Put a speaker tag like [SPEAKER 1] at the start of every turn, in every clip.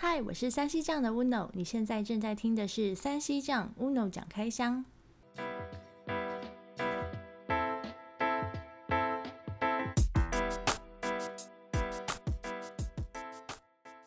[SPEAKER 1] 嗨，Hi, 我是 3C 匠的 Uno，你現在正在聽的是 3C 匠 Uno 講開箱。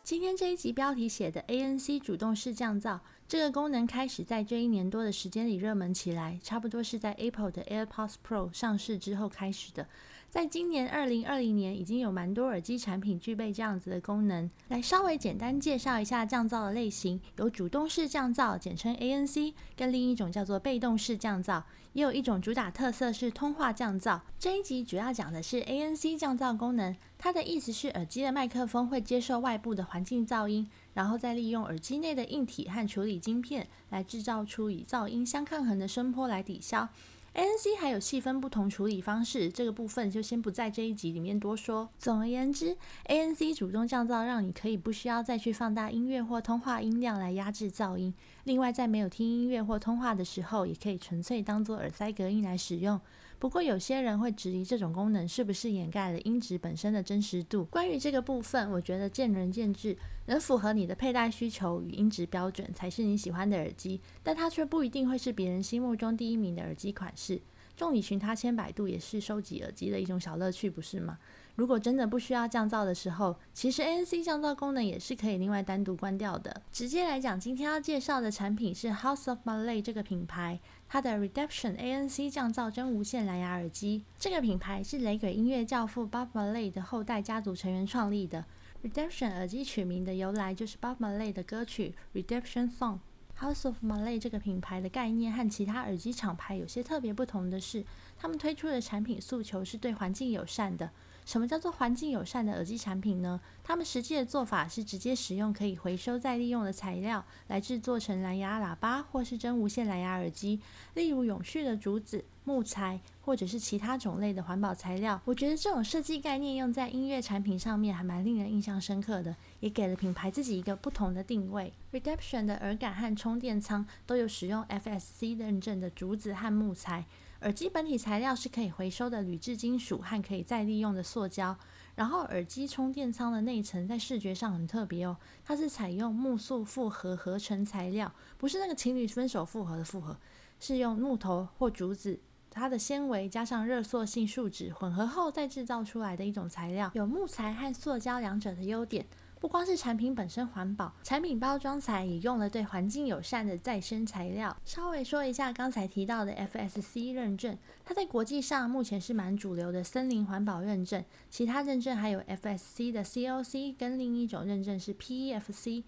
[SPEAKER 1] 今天這一集標題寫的 ANC 主動式降噪。這個功能開始在這一年多的時間裡熱門起來，差不多是在 Apple 的 AirPods Pro 上市之後開始的。在今年2020年，已經有蠻多耳機產品具備這樣子的功能。來稍微簡單介紹一下降噪的類型，有主動式降噪，簡稱 ANC，跟另一種叫做被動式降噪，也有一種主打特色是通話降噪。這一集主要講的是 ANC 降噪功能，它的意思是耳機的麥克風會接受外部的環境噪音。然後再利用耳機內的硬體和處理晶片來制造出與噪音相抗衡的聲波來抵消。ANC 還有細分不同處理方式，這個部分就先不在這一集裡面多說。總而言之，ANC 主動降噪讓你可以不需要再去放大音樂或通話音量來壓制噪音。另外，在沒有聽音樂或通話的時候，也可以純粹當做耳塞隔音來使用。不過有些人會質疑這種功能是不是掩蓋了音質本身的真實度。關於這個部分，我覺得見仁見智，能符合你的佩戴需求與音質標準才是你喜歡的耳機，但它卻不一定會是別人心目中第一名的耳機款式。眾裡尋他千百度也是收集耳機的一種小樂趣，不是嗎？如果真的不需要降噪的時候，其實 ANC 降噪功能也是可以另外單獨關掉的。直接來講，今天要介紹的產品是 House of Marley 這個品牌，它的 Redemption ANC 降噪真無線藍牙耳機。這個品牌是雷鬼音樂教父 Bob Marley 的後代家族成員創立的。Redemption 耳機取名的由來就是 Bob Marley 的歌曲 Redemption Song。House of Marley 這個品牌的概念和其他耳機廠牌有些特別不同的是。他們推出的產品訴求是對環境友善的。什麼叫做環境友善的耳機產品呢？他們實際的做法是直接使用可以回收再利用的材料來製作成藍牙喇叭或是真無線藍牙耳機，例如永續的竹子、木材，或者是其他種類的環保材料。我覺得這種設計概念用在音樂產品上面還蠻令人印象深刻的，也給了品牌自己一個不同的定位。Redemption 的耳桿和充電倉都有使用 FSC 認證的竹子和木材。耳機本體材料是可以回收的鋁製金屬和可以再利用的塑膠，然後耳機充電倉的內層在視覺上很特別哦，它是採用木塑複合合成材料，不是那個情侶分手復合的複合，是用木頭或竹子，它的纖維加上熱塑性樹脂混合後再製造出來的一種材料，有木材和塑膠兩者的優點。不光是產品本身環保，產品包裝材也用了對環境友善的再生材料。稍微說一下剛才提到的 FSC 認證，它在國際上目前是蠻主流的森林環保認證。其他認證還有 FSC 的 COC，跟另一種認證是 PEFC。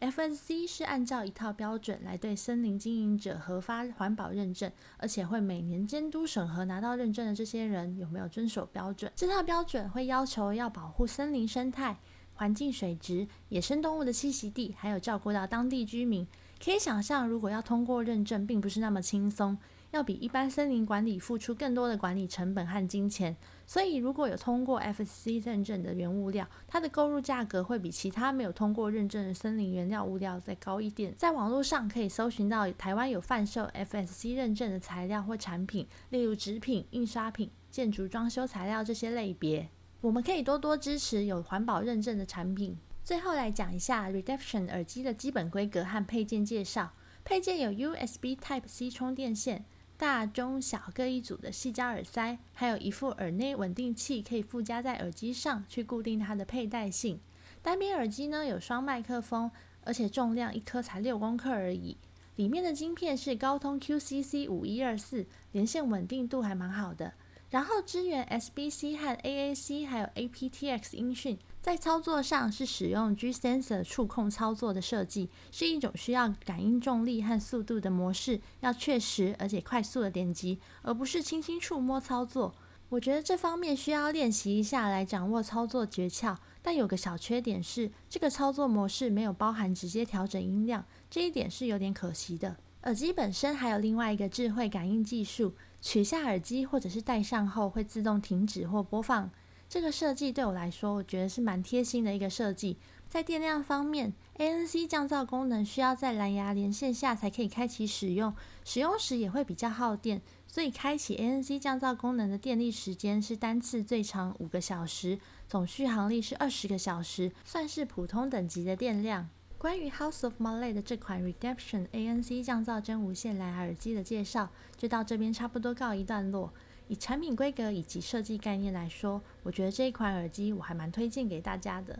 [SPEAKER 1] FSC 是按照一套標準來對森林經營者核發環保認證，而且會每年監督審核拿到認證的這些人有沒有遵守標準。這套標準會要求要保護森林生態。環境水質、野生動物的棲息,息地，還有照顧到當地居民，可以想象，如果要通過認證，並不是那麼輕鬆，要比一般森林管理付出更多的管理成本和金錢。所以，如果有通過 FSC 認證的原物料，它的購入價格會比其他沒有通過認證的森林原料物料再高一點。在網絡上可以搜尋到台灣有販售 FSC 認證的材料或產品，例如紙品、印刷品、建築裝修材料這些類別。我們可以多多支持有環保認證的產品。最後來講一下 Redemption 耳機的基本規格和配件介紹。配件有 USB Type-C 充電線、大、中、小各一組的矽膠耳塞，還有一副耳內穩定器，可以附加在耳機上去固定它的佩戴性。單邊耳機呢，有雙麥克風，而且重量一顆才六公克而已。裡面的晶片是高通 QCC5124，連線穩定度還蠻好的。然後支援 SBC 和 AAC，還有 aptX 音訊，在操作上是使用 G-Sensor 觸控操作的設計，是一種需要感應重力和速度的模式，要確實而且快速的點擊，而不是輕輕觸摸操作。我覺得這方面需要練習一下來掌握操作訣竅，但有個小缺點是，這個操作模式沒有包含直接調整音量，這一點是有點可惜的。耳機本身還有另外一個智慧感應技術，取下耳機或者是戴上後會自動停止或播放。這個設計對我來說，我覺得是蠻貼心的一個設計。在電量方面，ANC 降噪功能需要在藍牙連線下才可以開啟使用，使用時也會比較耗電，所以開啟 ANC 降噪功能的電力時間是單次最長五個小時，總續航力是二十個小時，算是普通等級的電量。關於 House of Marley 的這款 Redemption ANC 降噪真無線藍牙耳機的介紹，就到這邊差不多告一段落。以產品規格以及設計概念來說，我覺得這一款耳機我還蠻推薦給大家的。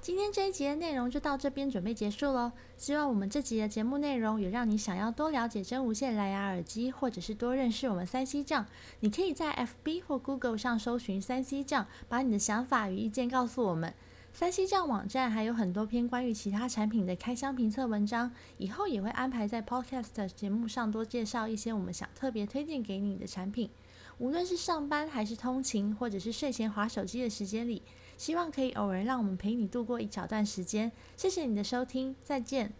[SPEAKER 1] 今天這一集的內容就到這邊準備結束嘍。希望我們這集的節目內容，有讓你想要多了解真無線藍牙耳機，或者是多認識我們 3C 匠。你可以在 FB 或 Google 上搜尋 3C 匠，把你的想法與意見告訴我們。3C 匠網站還有很多篇關於其他產品的開箱評測文章，以後也會安排在 Podcast 節目上多介紹一些我們想特別推薦給你的產品。無論是上班還是通勤，或者是睡前滑手機的時間裡，希望可以偶然讓我們陪你度過一小段時間。謝謝你的收聽，再見。